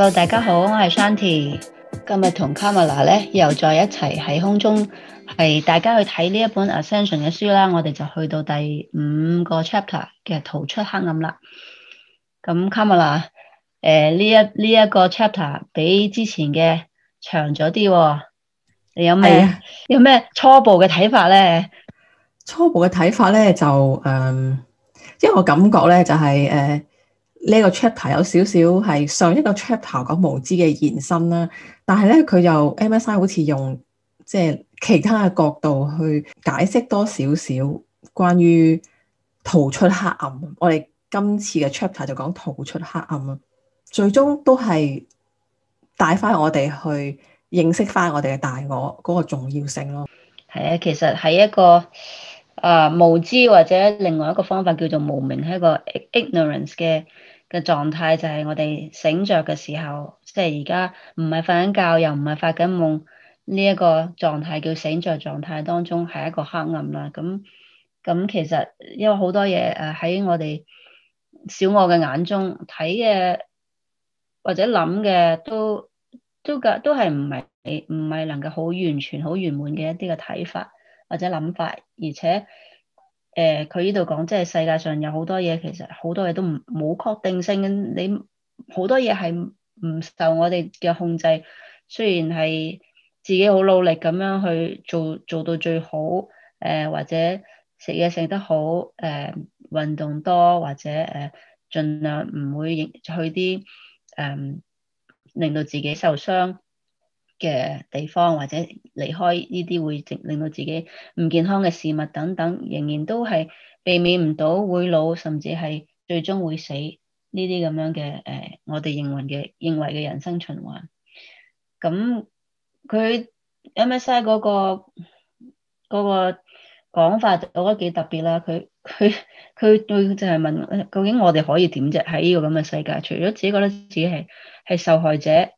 Hello，大家好，我係 Shanti，今日同 Camera 咧又再一齊喺空中，係大家去睇呢一本《Ascension》嘅書啦，我哋就去到第五個 chapter 嘅逃出黑暗啦。咁 Camera，誒呢一呢一、呢個 chapter 比之前嘅長咗啲、哦，你有咩、啊、有咩初步嘅睇法咧？初步嘅睇法咧就誒，一、嗯、我感覺咧就係、是、誒。嗯呢個 chapter 有少少係上一個 chapter 講無知嘅延伸啦，但係咧佢又 MSI 好似用即係其他嘅角度去解釋多少少關於逃出黑暗。我哋今次嘅 chapter 就講逃出黑暗啦，最終都係帶翻我哋去認識翻我哋嘅大我嗰個重要性咯。係啊，其實係一個啊、呃、無知或者另外一個方法叫做無明，係一個 ignorance 嘅嘅狀態就係我哋醒着嘅時候，即係而家唔係瞓緊覺又唔係發緊夢呢一個狀態，叫醒着狀態當中係一個黑暗啦。咁咁其實因為好多嘢誒，喺我哋小我嘅眼中睇嘅或者諗嘅都都都係唔係唔係能夠好完全好圓滿嘅一啲嘅睇法或者諗法，而且。誒，佢呢度講，即係世界上有好多嘢，其實好多嘢都唔冇確定性。你好多嘢係唔受我哋嘅控制。雖然係自己好努力咁樣去做，做到最好。誒、呃，或者食嘢食得好，誒、呃，運動多，或者誒，盡、呃、量唔會去啲誒、呃，令到自己受傷。嘅地方或者離開呢啲會令到自己唔健康嘅事物等等，仍然都係避免唔到會老，甚至係最終會死呢啲咁樣嘅誒、呃，我哋認為嘅認為嘅人生循環。咁、嗯、佢 M S I 嗰個嗰個講法，我覺得幾特別啦。佢佢佢對就係問，究竟我哋可以點啫？喺呢個咁嘅世界，除咗自己覺得自己係係受害者，誒、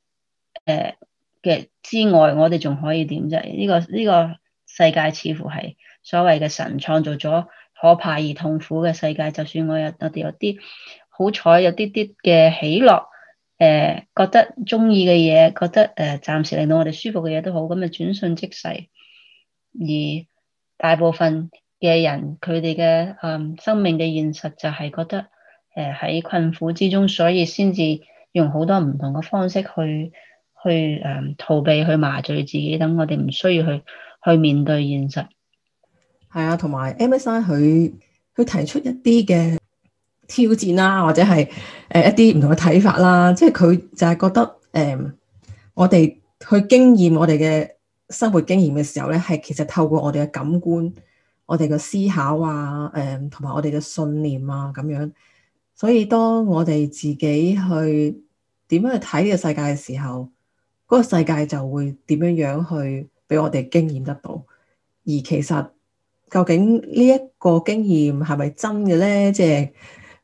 呃。嘅之外，我哋仲可以點啫？呢、這個呢、這個世界似乎係所謂嘅神創造咗可怕而痛苦嘅世界。就算我有我哋有啲好彩，有啲啲嘅喜樂，誒、呃，覺得中意嘅嘢，覺得誒、呃，暫時令到我哋舒服嘅嘢都好，咁啊轉瞬即逝。而大部分嘅人，佢哋嘅生命嘅現實就係覺得誒喺、呃、困苦之中，所以先至用好多唔同嘅方式去。去誒逃避、去麻醉自己，等我哋唔需要去去面對現實。係啊，同埋 MSI 佢佢提出一啲嘅挑戰啦，或者係誒一啲唔同嘅睇法啦。即係佢就係覺得誒、嗯，我哋去經驗我哋嘅生活經驗嘅時候咧，係其實透過我哋嘅感官、我哋嘅思考啊，誒、嗯，同埋我哋嘅信念啊咁樣。所以當我哋自己去點樣去睇呢個世界嘅時候。嗰個世界就會點樣樣去俾我哋經驗得到，而其實究竟呢一個經驗係咪真嘅咧？即係誒、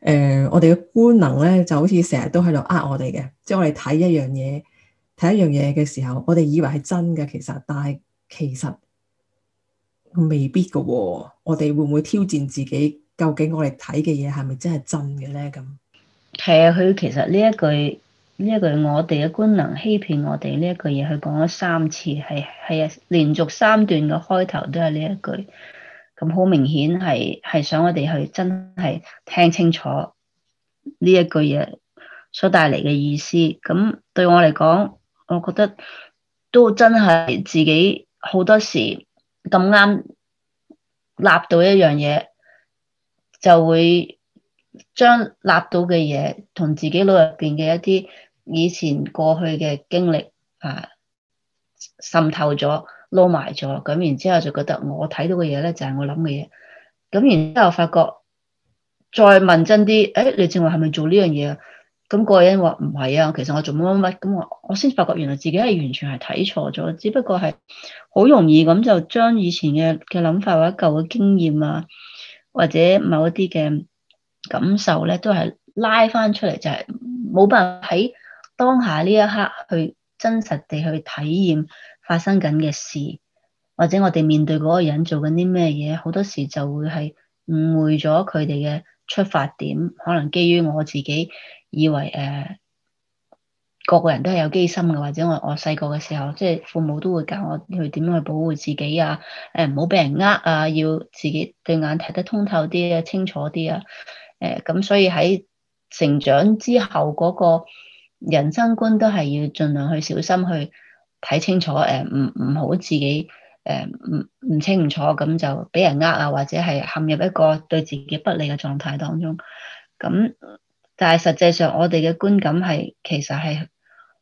呃，我哋嘅官能咧就好似成日都喺度呃我哋嘅，即係我哋睇一樣嘢，睇一樣嘢嘅時候，我哋以為係真嘅，其實但係其實未必嘅喎、哦。我哋會唔會挑戰自己？究竟我哋睇嘅嘢係咪真係真嘅咧？咁係啊，佢其實呢一句。呢一句我哋嘅官能欺騙我哋呢一句嘢，佢講咗三次，係係啊，連續三段嘅開頭都係呢一句，咁好明顯係係想我哋去真係聽清楚呢一句嘢所帶嚟嘅意思。咁對我嚟講，我覺得都真係自己好多時咁啱納到一樣嘢，就會將納到嘅嘢同自己腦入邊嘅一啲，以前過去嘅經歷啊，滲透咗、撈埋咗，咁然之後就覺得我睇到嘅嘢咧就係、是、我諗嘅嘢。咁然之後發覺再問真啲，誒你正話係咪做呢樣嘢啊？咁、嗯、個人話唔係啊，其實我做乜乜乜咁，我我先發覺原來自己係完全係睇錯咗，只不過係好容易咁就將以前嘅嘅諗法或者舊嘅經驗啊，或者某一啲嘅感受咧，都係拉翻出嚟，就係冇辦法喺當下呢一刻去真實地去體驗發生緊嘅事，或者我哋面對嗰個人做緊啲咩嘢，好多時就會係誤會咗佢哋嘅出發點。可能基於我自己以為誒，個、呃、個人都係有機心嘅，或者我我細個嘅時候，即係父母都會教我去點樣去保護自己啊，誒唔好俾人呃啊，要自己對眼睇得通透啲啊，清楚啲啊，誒、呃、咁所以喺成長之後嗰、那個。人生觀都係要盡量去小心去睇清楚，誒、呃，唔唔好自己，誒、呃，唔唔清唔楚，咁就俾人呃啊，或者係陷入一個對自己不利嘅狀態當中。咁但係實際上我哋嘅觀感係，其實係，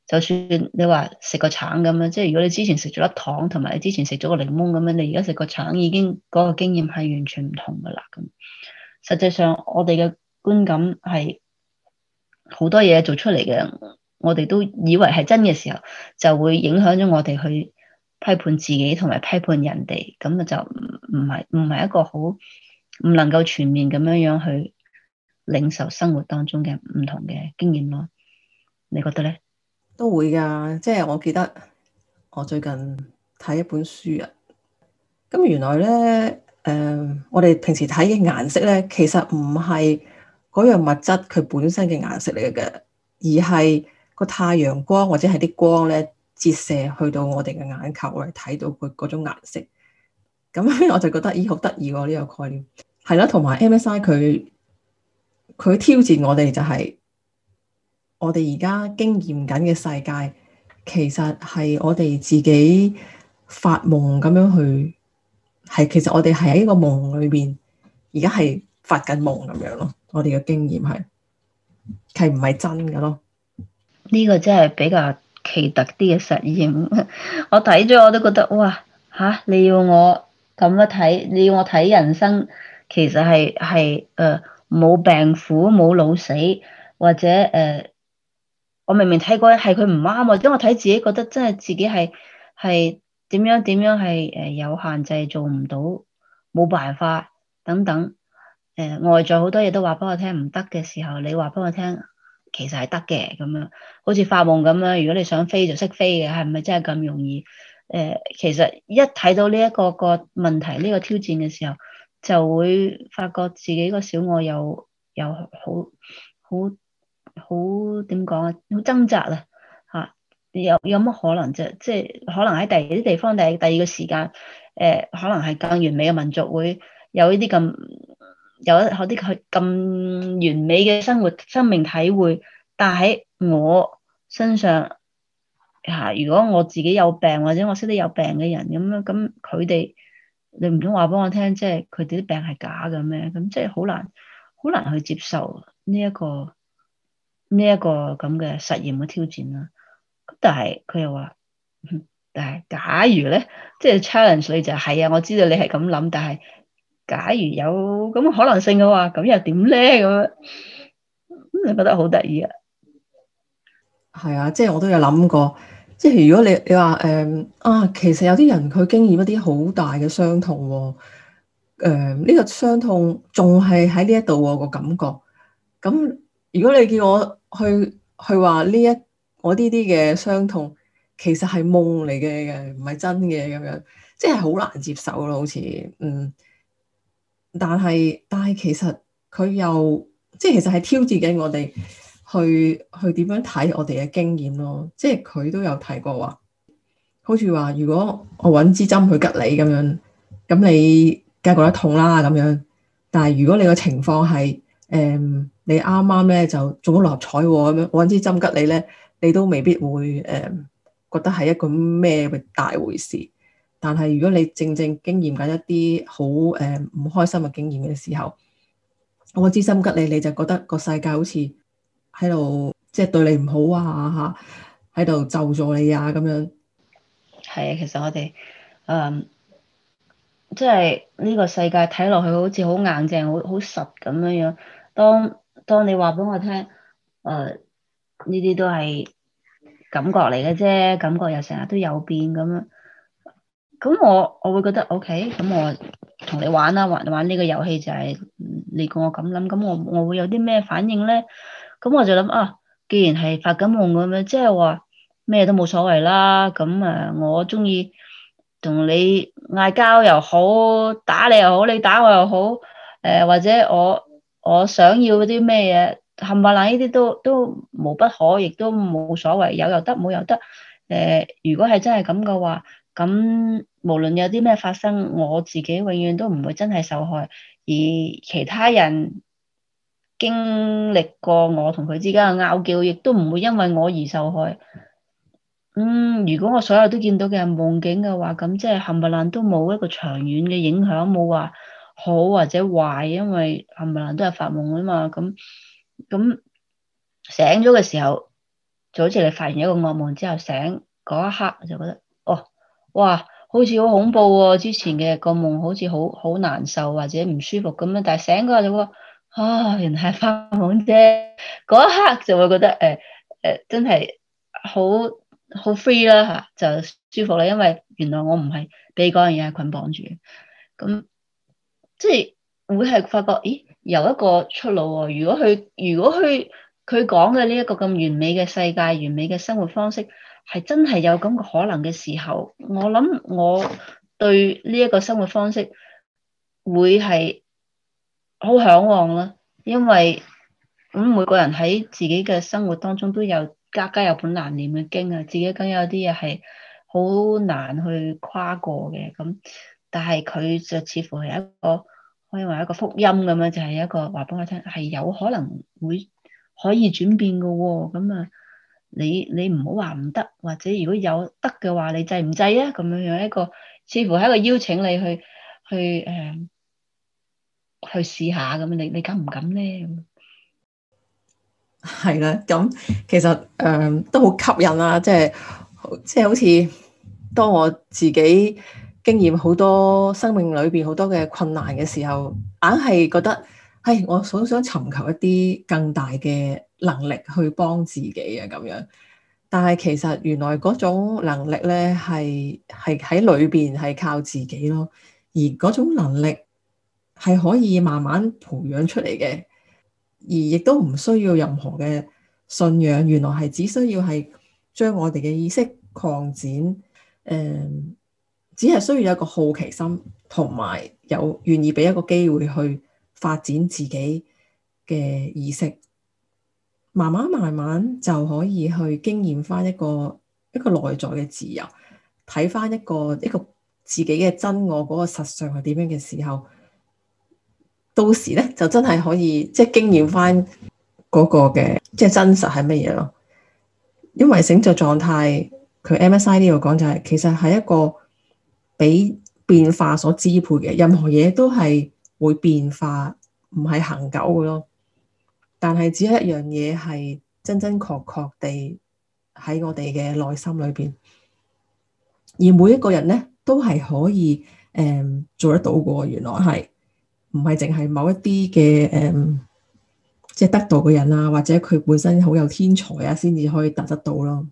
就算你話食個橙咁樣，即係如果你之前食咗粒糖，同埋你之前食咗個檸檬咁樣，你而家食個橙已經嗰個經驗係完全唔同噶啦。咁實際上我哋嘅觀感係。好多嘢做出嚟嘅，我哋都以為係真嘅時候，就會影響咗我哋去批判自己同埋批判人哋，咁啊，就唔係唔係一個好唔能夠全面咁樣樣去領受生活當中嘅唔同嘅經驗咯。你覺得咧？都會噶，即係我記得我最近睇一本書啊，咁原來咧，誒、呃，我哋平時睇嘅顏色咧，其實唔係。嗰樣物質佢本身嘅顏色嚟嘅，而係個太陽光或者係啲光折射去到我哋嘅眼球嚟睇到佢嗰種顏色。咁我就覺得，咦，好得意喎！呢個概念係啦，同埋 MSI 佢挑戰我哋就係、是、我哋而家經驗緊嘅世界，其實係我哋自己發夢咁樣去，係其實我哋係喺個夢裏面，而家係發緊夢咁樣咯。我哋嘅經驗係係唔係真嘅咯？呢個真係比較奇特啲嘅實驗。 我睇咗我都覺得哇嚇！你要我咁樣睇，你要我睇人生，其實係係誒冇病苦冇老死或者誒、呃、我明明睇過係佢唔啱或者我睇自己覺得真係自己係係點樣點樣係誒有限制做唔到冇辦法等等。誒、呃、外在好多嘢都話俾我聽，唔得嘅時候，你話俾我聽，其實係得嘅咁樣，好似發夢咁樣。如果你想飛就識飛嘅，係咪真係咁容易？誒、呃，其實一睇到呢、這、一個個問題、呢、這個挑戰嘅時候，就會發覺自己個小我有有好好好點講啊，好掙扎啊嚇！有有乜可能啫？即、就、係、是、可能喺第二啲地方，第第二個時間，誒、呃，可能係更完美嘅民族會有呢啲咁。有一可啲佢咁完美嘅生活、生命體會，但喺我身上嚇，如果我自己有病，或者我識得有病嘅人咁樣，咁佢哋你唔通話俾我聽，即係佢哋啲病係假嘅咩？咁即係好難，好難去接受呢一個呢一個咁嘅實驗嘅挑戰啦。咁但係佢又話，但係假如咧，即係 challenge，你就係啊，我知道你係咁諗，但係。假如有咁可能性嘅話，咁又點咧？咁樣咁你覺得好得意啊？係啊，即係我都有諗過，即係如果你你話誒、嗯、啊，其實有啲人佢經驗一啲好大嘅傷痛，誒、嗯、呢、這個傷痛仲係喺呢一度個感覺。咁如果你叫我去去話呢一我呢啲嘅傷痛，其實係夢嚟嘅，唔係真嘅，咁樣即係好難接受咯，好似嗯。但係，但係其實佢又即係其實係挑戰緊我哋去去點樣睇我哋嘅經驗咯。即係佢都有提過話，好似話如果我揾支針去吉你咁樣，咁你梗係覺得痛啦咁樣。但係如果你個情況係誒、嗯、你啱啱咧就中咗六合彩喎咁樣，我揾支針吉你咧，你都未必會誒、嗯、覺得係一個咩大回事。但係如果你正正經驗緊一啲好誒唔開心嘅經驗嘅時候，我知心吉你，你就覺得個世界好似喺度即係對你唔好啊嚇，喺度咒助你啊咁樣。係啊，其實我哋誒，即係呢個世界睇落去好似好硬淨、好好實咁樣樣。當當你話俾我聽，誒呢啲都係感覺嚟嘅啫，感覺又成日都有變咁樣。咁我我會覺得 O K，咁我同你玩啦，玩玩呢個遊戲就係、是、你過我咁諗，咁我我會有啲咩反應咧？咁我就諗啊，既然係發緊夢咁樣，即係話咩都冇所謂啦。咁啊，我中意同你嗌交又好，打你又好，你打我又好。誒、呃，或者我我想要啲咩嘢，冚唪唥呢啲都都無不可，亦都冇所謂，有又得，冇又得。誒、呃，如果係真係咁嘅話。咁無論有啲咩發生，我自己永遠都唔會真係受害，而其他人經歷過我同佢之間嘅拗叫，亦都唔會因為我而受害。嗯，如果我所有都見到嘅係夢境嘅話，咁即係冚唪唥都冇一個長遠嘅影響，冇話好或者壞，因為冚唪唥都係發夢啊嘛。咁咁醒咗嘅時候，就好似你發現一個噩夢之後醒嗰一刻，我就覺得。哇，好似好恐怖喎、哦！之前嘅個夢好似好好難受或者唔舒服咁樣，但係醒嗰下就話，啊、哦，原來係發夢啫。嗰一刻就會覺得誒誒、呃呃，真係好好 free 啦吓、啊，就舒服啦。因為原來我唔係畀嗰樣嘢捆綁住，咁即係會係發覺，咦，有一個出路喎、哦！如果佢如果佢佢講嘅呢一個咁完美嘅世界，完美嘅生活方式。係真係有咁個可能嘅時候，我諗我對呢一個生活方式會係好嚮往啦。因為咁每個人喺自己嘅生活當中都有家家有本難念嘅經啊，自己梗有啲嘢係好難去跨過嘅。咁但係佢就似乎係一個可以話一個福音咁樣，就係一個話俾我聽係有可能會可以轉變噶。咁啊。你你唔好話唔得，或者如果有得嘅話，你制唔制啊？咁樣樣一個似乎係一個邀請你去去誒、呃、去試下咁樣，你你敢唔敢咧？係啦，咁其實誒、呃、都好吸引啦，即係即係好似當我自己經驗好多生命裏邊好多嘅困難嘅時候，硬係覺得。係，我好想尋求一啲更大嘅能力去幫自己啊咁樣。但係其實原來嗰種能力咧係係喺裏邊係靠自己咯，而嗰種能力係可以慢慢培養出嚟嘅，而亦都唔需要任何嘅信仰。原來係只需要係將我哋嘅意識擴展，誒、呃，只係需要有一個好奇心，同埋有願意俾一個機會去發展自己嘅意識，慢慢慢慢就可以去經驗翻一個一個內在嘅自由，睇翻一個一個自己嘅真我嗰、那個實相係點樣嘅時候，到時咧就真係可以即係經驗翻嗰個嘅即係真實係乜嘢咯。因為醒着狀態，佢 MSI 呢度講就係、是、其實係一個俾變化所支配嘅，任何嘢都係。會變化，唔係恒久嘅咯。但係只有一樣嘢，係真真確確地喺我哋嘅內心裏面。而每一個人呢，都係可以、嗯、做得到嘅。原來係唔係淨係某一啲嘅、嗯、即係得道嘅人啊，或者佢本身好有天才啊，先至可以達得到咯。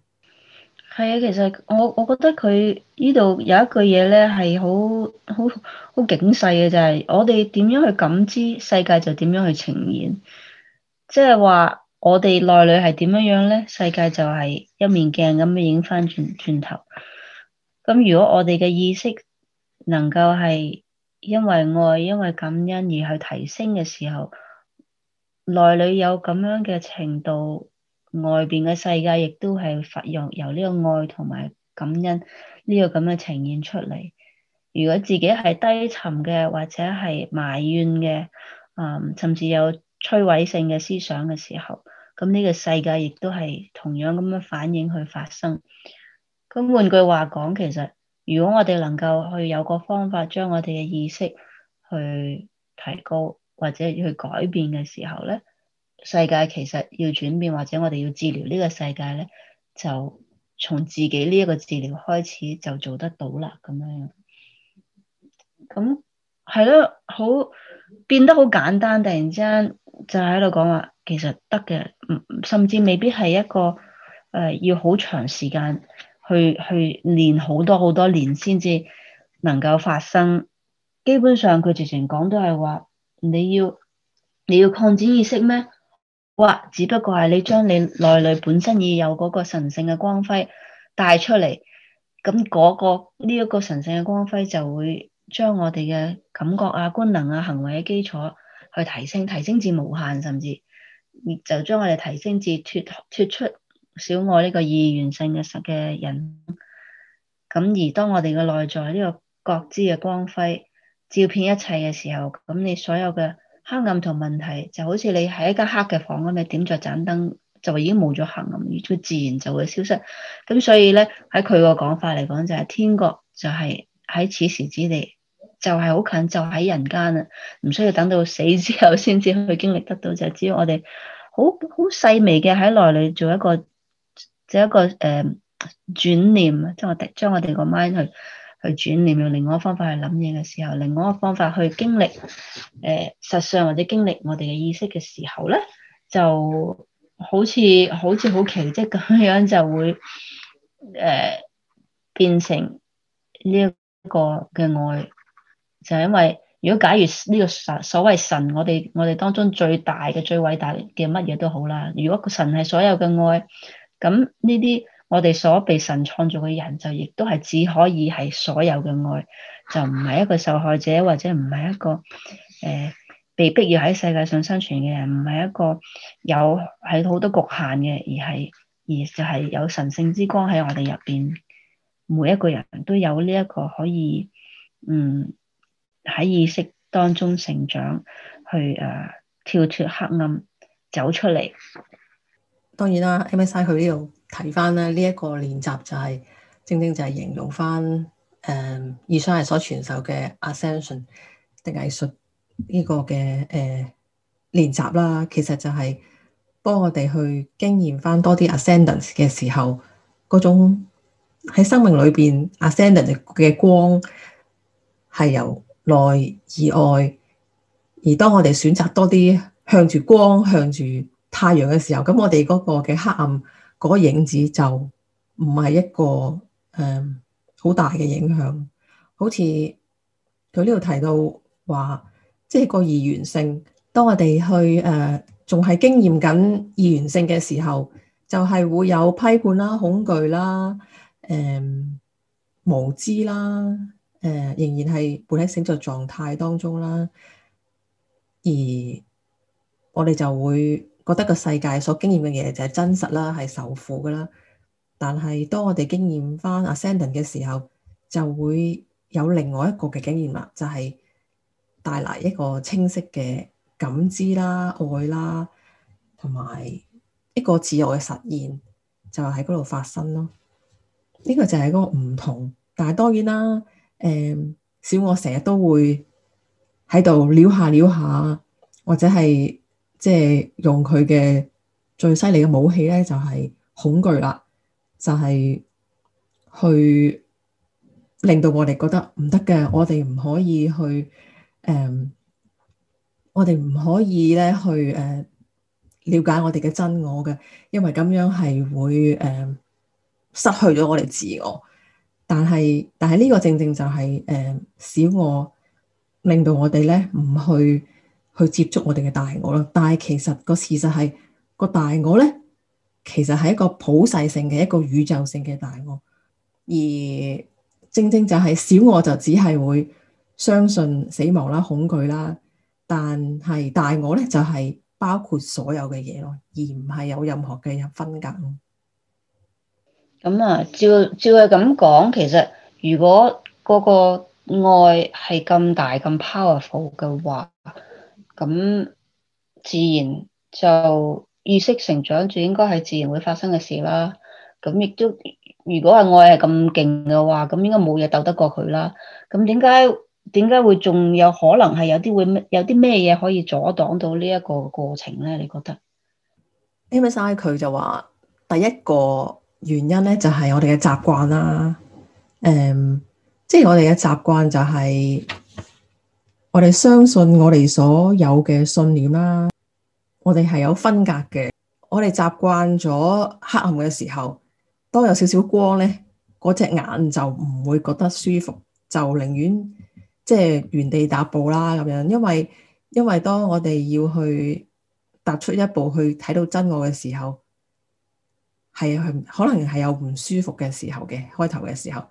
係啊，其實我我覺得佢呢度有一句嘢咧，係好好好警世嘅，就係、是，我哋點樣去感知世界就點樣去呈現，即係話我哋內裏係點樣樣咧，世界就係一面鏡咁樣影翻轉轉頭。咁如果我哋嘅意識能夠係因為愛、因為感恩而去提升嘅時候，內裏有咁樣嘅程度。外邊嘅世界亦都係發揚由呢個愛同埋感恩呢個咁樣呈現出嚟。如果自己係低沉嘅，或者係埋怨嘅，啊，甚至有摧毀性嘅思想嘅時候，咁呢個世界亦都係同樣咁樣反應去發生。咁換句話講，其實如果我哋能夠去有個方法，將我哋嘅意識去提高或者去改變嘅時候咧。.世界其實要轉變，或者我哋要治療呢個世界咧，就從自己呢一個治療開始就做得到啦，咁樣樣。咁係咯，好變得好簡單，突然之間就喺度講話，其實得嘅，甚至未必係一個誒、呃、要好長時間去去練好多好多年先至能夠發生。基本上佢直情講都係話，你要你要擴展意識咩？哇！只不過係你將你內裏本身已有嗰個神聖嘅光輝帶出嚟，咁嗰、嗰個呢一、呢個神聖嘅光輝就會將我哋嘅感覺啊、官能啊、行為嘅基礎去提升，提升至無限，甚至就將我哋提升至脫脫出小我呢個意願性嘅實嘅人。咁而當我哋嘅內在呢、這個覺知嘅光輝照遍一切嘅時候，咁你所有嘅，黑暗同問題就好似你喺一間黑嘅房咁，你點咗盞燈，就已經冇咗黑暗，佢自然就會消失。咁所以咧，喺佢個講法嚟講，就係、是、天國就係喺此時此地，就係、是、好近，就喺、是、人間啦，唔需要等到死之後先至去經歷得到，就係只要我哋好好細微嘅喺內裏做一個做一個誒轉、呃、念，即係我將我哋個 mind 去。去轉念用另外一個方法去諗嘢嘅時候，另外一個方法去經歷，誒、呃、實上或者經歷我哋嘅意識嘅時候咧，就好似好似好奇蹟咁樣樣就會誒、呃、變成呢一個嘅愛，就係、是、因為如果假如呢個神所謂神，我哋我哋當中最大嘅最偉大嘅乜嘢都好啦，如果個神係所有嘅愛，咁呢啲。我哋所被神創造嘅人就亦都係只可以係所有嘅愛，就唔係一個受害者或者唔係一個誒、呃、被逼要喺世界上生存嘅人，唔係一個有喺好多局限嘅，而係而就係有神聖之光喺我哋入邊，每一個人都有呢一個可以嗯喺意識當中成長，去誒、啊、跳脫黑暗，走出嚟。當然啦，M S I 佢呢度。是睇翻咧呢一個練習就係、是、正正就係形容翻誒易商係所傳授嘅 ascension 嘅藝術呢個嘅誒、呃、練習啦，其實就係幫我哋去經驗翻多啲 ascendance 嘅時候嗰種喺生命裏邊 ascendance 嘅光係由內而外，而當我哋選擇多啲向住光、向住太陽嘅時候，咁我哋嗰個嘅黑暗。個影子就唔係一個誒好、嗯、大嘅影響，好似佢呢度提到話，即、就、係、是、個二元性。當我哋去誒仲係經驗緊二元性嘅時候，就係、是、會有批判啦、恐懼啦、誒、嗯、無知啦、誒、呃、仍然係半醒著狀態當中啦，而我哋就會。覺得個世界所經驗嘅嘢就係真實啦，係受苦㗎啦。但係當我哋經驗翻 Ascendant 嘅時候，就會有另外一個嘅經驗啦，就係帶嚟一個清晰嘅感知啦、愛啦，同埋一個自由嘅實現，就喺嗰度發生咯。呢、這個就係嗰個唔同。但係當然啦，誒、嗯，小我成日都會喺度撩下撩下，或者係。即係用佢嘅最犀利嘅武器咧，就係、是、恐懼啦，就係、是、去令到我哋覺得唔得嘅，我哋唔可以去誒、嗯，我哋唔可以咧去誒了解我哋嘅真我嘅，因為咁樣係會誒、嗯、失去咗我哋自我。但係但係呢個正正就係誒小我，令到我哋咧唔去。去接觸我哋嘅大我咯，但係其實個事實係個大我咧，其實係一個普世性嘅一個宇宙性嘅大我，而正正就係小我就只係會相信死亡啦、恐懼啦，但係大我咧就係、是、包括所有嘅嘢咯，而唔係有任何嘅有分隔咯。咁啊，照照佢咁講，其實如果嗰個愛係咁大咁 powerful 嘅話，咁自然就意識成長，住應該係自然會發生嘅事啦。咁亦都，如果係我係咁勁嘅話，咁應該冇嘢鬥得過佢啦。咁點解點解會仲有可能係有啲會有啲咩嘢可以阻擋到呢一個過程咧？你覺得？Emma Sir 佢就話，第一個原因咧就係我哋嘅習慣啦。誒、mm，即、hmm。係、um，我哋嘅習慣就係、是。我哋相信我哋所有嘅信念啦，我哋係有分隔嘅。我哋習慣咗黑暗嘅時候，當有少少光咧，嗰隻眼就唔會覺得舒服，就寧願即係原地踏步啦咁樣。因為因為當我哋要去踏出一步去睇到真我嘅時候，係可能係有唔舒服嘅時候嘅，開頭嘅時候。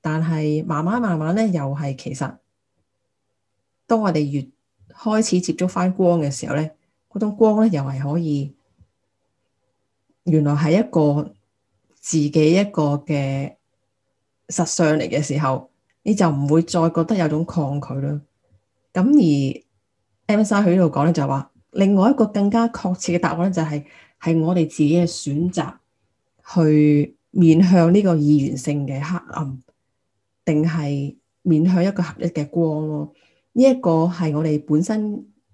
但係慢慢慢慢咧，又係其實。當我哋越開始接觸翻光嘅時候咧，嗰種光咧又係可以，原來係一個自己一個嘅實相嚟，嘅時候，你就唔會再覺得有種抗拒咯。咁而 M 先生喺呢度講咧就係話，另外一個更加確切嘅答案咧就係、是，係我哋自己嘅選擇去面向呢個二元性嘅黑暗，定係面向一個合一嘅光咯。呢一個係我哋本身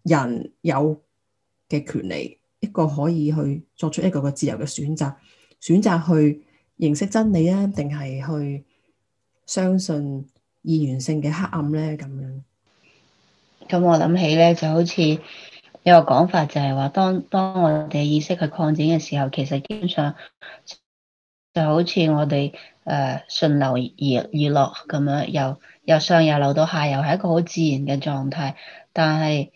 人有嘅權利，一個可以去作出一個個自由嘅選擇，選擇去認識真理啊，定係去相信二元性嘅黑暗咧？咁樣咁我諗起咧，就好似有個講法，就係話，當當我哋意識去擴展嘅時候，其實基本上就好似我哋誒順流而而落咁樣又。由上游流到下游，係一個好自然嘅狀態。但係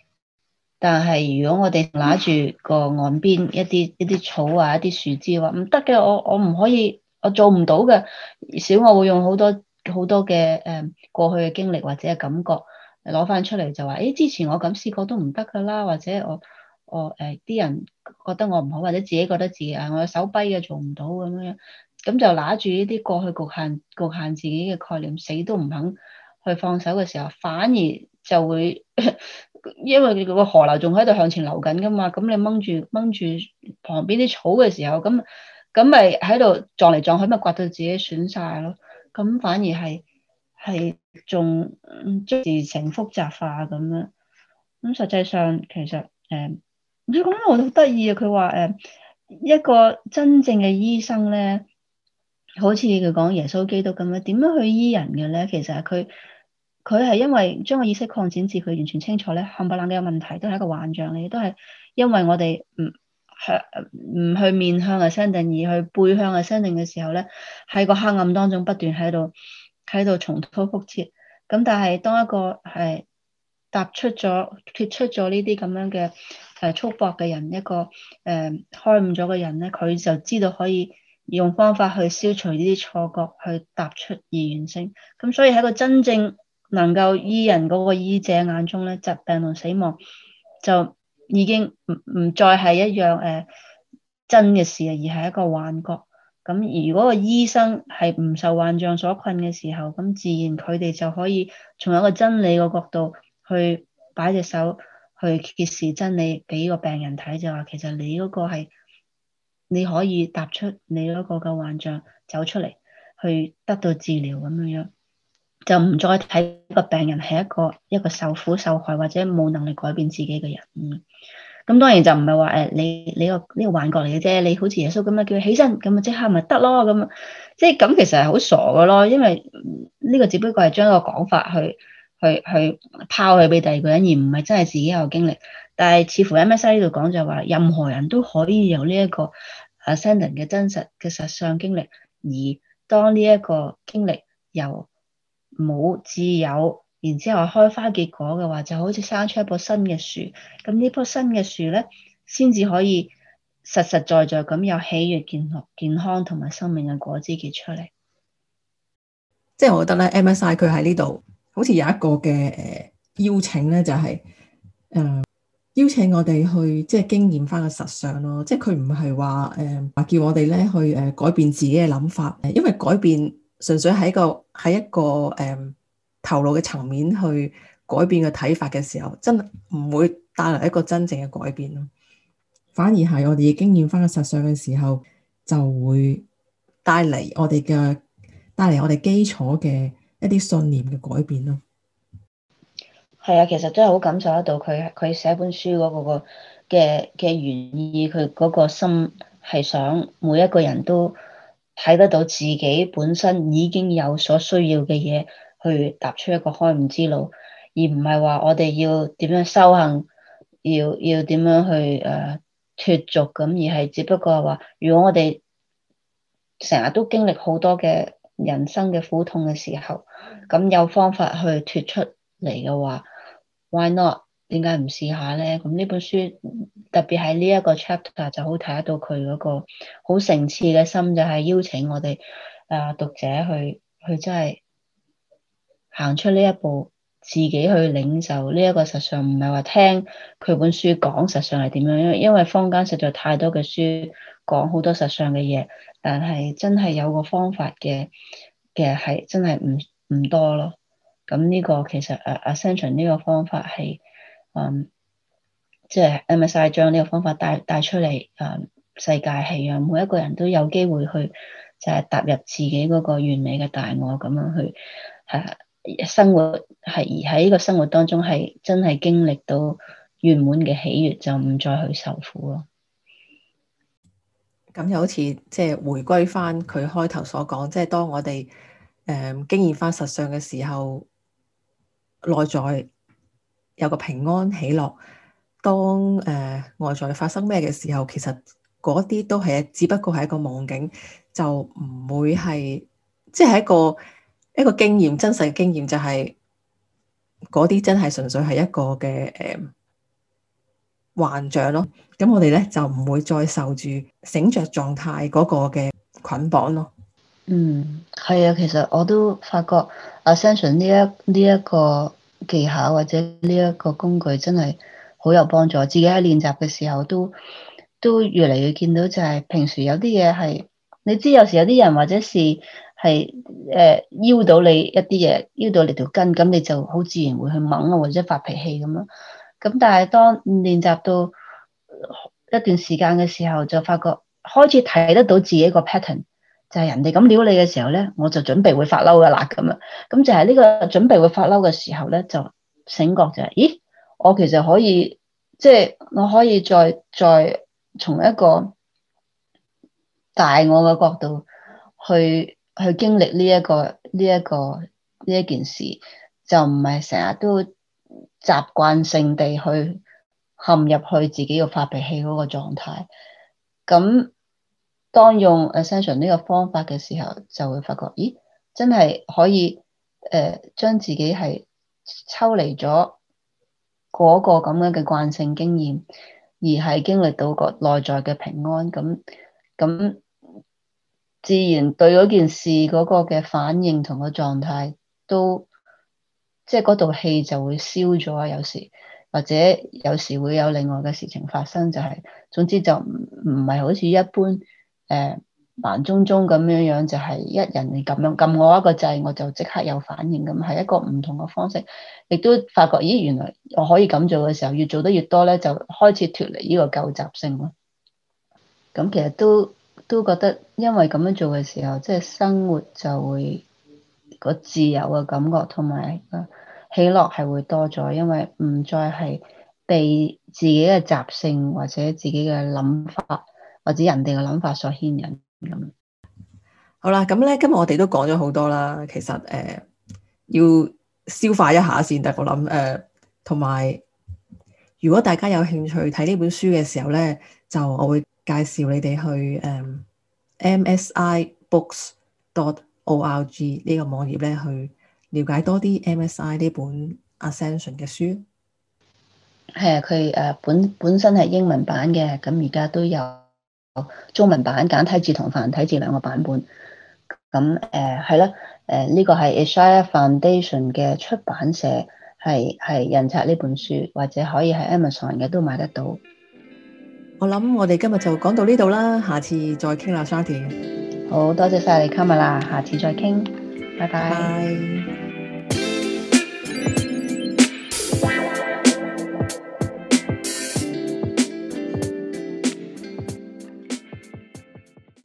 但係，如果我哋拿住個岸邊一啲一啲草啊，一啲樹枝嘅話，唔得嘅，我我唔可以，我做唔到嘅。小我會用好多好多嘅誒過去嘅經歷或者係感覺攞翻出嚟，就話誒之前我咁試過都唔得噶啦，或者我我誒啲、欸、人覺得我唔好，或者自己覺得自己啊，我手跛啊做唔到咁樣，咁就拿住呢啲過去局限局限自己嘅概念，死都唔肯。佢放手嘅時候，反而就會， 因為佢個河流仲喺度向前流緊噶嘛，咁你掹住掹住旁邊啲草嘅時候，咁咁咪喺度撞嚟撞去，咪刮到自己損晒咯。咁反而係係仲將事情複雜化咁樣。咁實際上其實誒，你講到我都得意啊。佢話誒，一個真正嘅醫生咧，好似佢講耶穌基督咁樣，點樣去醫人嘅咧？其實係佢。佢係因為將個意識擴展至佢完全清楚咧，冚唪唥嘅問題都係一個幻象嚟，都係因為我哋唔向唔去面向 ascending，而去背向 ascending 嘅時候咧，喺個黑暗當中不斷喺度喺度重蹈覆轍。咁但係當一個誒踏出咗、脫出咗呢啲咁樣嘅誒束縛嘅人一個誒開悟咗嘅人咧，佢就知道可以用方法去消除呢啲錯覺，去踏出二元性。咁所以喺個真正。能夠醫人嗰個醫者眼中咧，疾病同死亡就已經唔唔再係一樣誒真嘅事啊，而係一個幻覺。咁如果個醫生係唔受幻象所困嘅時候，咁自然佢哋就可以從一個真理嘅角度去擺隻手去揭示真理俾個病人睇，就話其實你嗰個係你可以踏出你嗰個嘅幻象，走出嚟去得到治療咁樣樣。就唔再睇個病人係一個一個受苦受害或者冇能力改變自己嘅人。咁當然就唔係話誒你你個呢個幻覺嚟嘅啫。你好似耶穌咁啊，叫佢起身咁咪即刻咪得咯，咁即係咁其實係好傻嘅咯。因為呢個只不過係將個講法去去去拋去俾第二個人，而唔係真係自己有經歷。但係似乎 MSI 呢度講就係話，任何人都可以有呢一個 Ascendant 嘅真實嘅實相經歷，而當呢一個經歷由。冇自有，然之後開花結果嘅話，就好似生出一棵新嘅樹。咁呢棵新嘅樹咧，先至可以實實在在咁有喜悅、健康、健康同埋生命嘅果子結出嚟。即係我覺得咧，MSI 佢喺呢度好似有一個嘅誒邀請咧，就是，就係誒邀請我哋去即係經驗翻個實相咯。即係佢唔係話誒話叫我哋咧去誒改變自己嘅諗法，因為改變。純粹喺個喺一個誒、嗯、頭腦嘅層面去改變嘅睇法嘅時候，真係唔會帶來一個真正嘅改變咯。反而係我哋經驗返個實相嘅時候，就會帶嚟我哋嘅帶嚟我哋基礎嘅一啲信念嘅改變咯。係啊，其實真係好感受得到佢佢寫本書嗰、嗰個嘅嘅原意，佢嗰個心係想每一個人都。睇得到自己本身已經有所需要嘅嘢，去踏出一個開悟之路，而唔係話我哋要點樣修行，要要點樣去誒脱俗咁，而係只不過話，如果我哋成日都經歷好多嘅人生嘅苦痛嘅時候，咁有方法去脱出嚟嘅話，why not？點解唔試下咧？咁呢本書特別喺呢一個 chapter 就好睇得到佢嗰個好誠摯嘅心，就係、是、邀請我哋啊讀者去去真係行出呢一步，自己去領受呢一個實相，唔係話聽佢本書講實相係點樣。因因為坊間實在太多嘅書講好多實相嘅嘢，但係真係有個方法嘅嘅係真係唔唔多咯。咁呢個其實啊啊 Ascension 呢個方法係。嗯，即係阿米晒將呢個方法帶帶出嚟，誒、嗯，世界係讓每一個人都有機會去，就係、是、踏入自己嗰個完美嘅大我，咁樣去，啊、生活係而喺呢個生活當中係真係經歷到圓滿嘅喜悅，就唔再去受苦咯。咁又好似即係回歸翻佢開頭所講，即、就、係、是、當我哋誒、嗯、經驗翻實相嘅時候，內在。有個平安喜樂。當誒、呃、外在發生咩嘅時候，其實嗰啲都係只不過係一個夢境，就唔會係即係一個一個經驗，真實嘅經驗就係嗰啲真係純粹係一個嘅誒幻象咯。咁我哋咧就唔會再受住醒着狀態嗰個嘅捆綁咯。嗯，係啊，其實我都發覺 Ascension 呢、這、一呢一個。技巧或者呢一個工具真係好有幫助，自己喺練習嘅時候都都越嚟越見到就係平時有啲嘢係，你知有時有啲人或者是係誒腰到你一啲嘢，腰到你條筋，咁你就好自然會去掹啊或者發脾氣咁咯。咁但係當練習到一段時間嘅時候，就發覺開始睇得到自己個 pattern。就係人哋咁撩你嘅時候咧，我就準備會發嬲噶啦咁啊。咁就係呢個準備會發嬲嘅時候咧，就醒覺就係，咦，我其實可以，即係我可以再再從一個大我嘅角度去去經歷呢一個呢一個呢一件事，就唔係成日都習慣性地去陷入去自己要發脾氣嗰個狀態，咁。當用 Ascension 呢個方法嘅時候，就會發覺，咦，真係可以誒，將、呃、自己係抽離咗嗰個咁樣嘅慣性經驗，而係經歷到個內在嘅平安。咁咁，自然對嗰件事嗰個嘅反應同個狀態，都即係嗰度氣就會消咗啊。有時或者有時會有另外嘅事情發生，就係、是、總之就唔唔係好似一般。誒，盲中中咁樣樣就係、是、一人咁樣撳我一個掣，我就即刻有反應咁，係一個唔同嘅方式，亦都發覺咦，原來我可以咁做嘅時候，越做得越多咧，就開始脫離呢個舊習性咯。咁其實都都覺得，因為咁樣做嘅時候，即、就、係、是、生活就會個自由嘅感覺同埋個喜樂係會多咗，因為唔再係被自己嘅習性或者自己嘅諗法。或者人哋嘅諗法所牽引咁。好啦，咁咧今日我哋都講咗好多啦。其實誒、呃、要消化一下先，我諗誒。同、呃、埋，如果大家有興趣睇呢本書嘅時候咧，就我會介紹你哋去誒、呃、MSIBooks.org 呢個網頁咧，去了解多啲 MSI 呢本 Ascension 嘅書。係啊，佢誒、呃、本本身係英文版嘅，咁而家都有。中文版簡體字同繁體字兩個版本，咁誒係啦，誒、呃、呢、呃，這個係 Asia Foundation 嘅出版社係係印刷呢本書，或者可以係 Amazon 嘅都買得到。我諗我哋今日就講到呢度啦，下次再傾啦，三點。好多謝晒你 come 啦，下次再傾拜，拜拜。拜拜。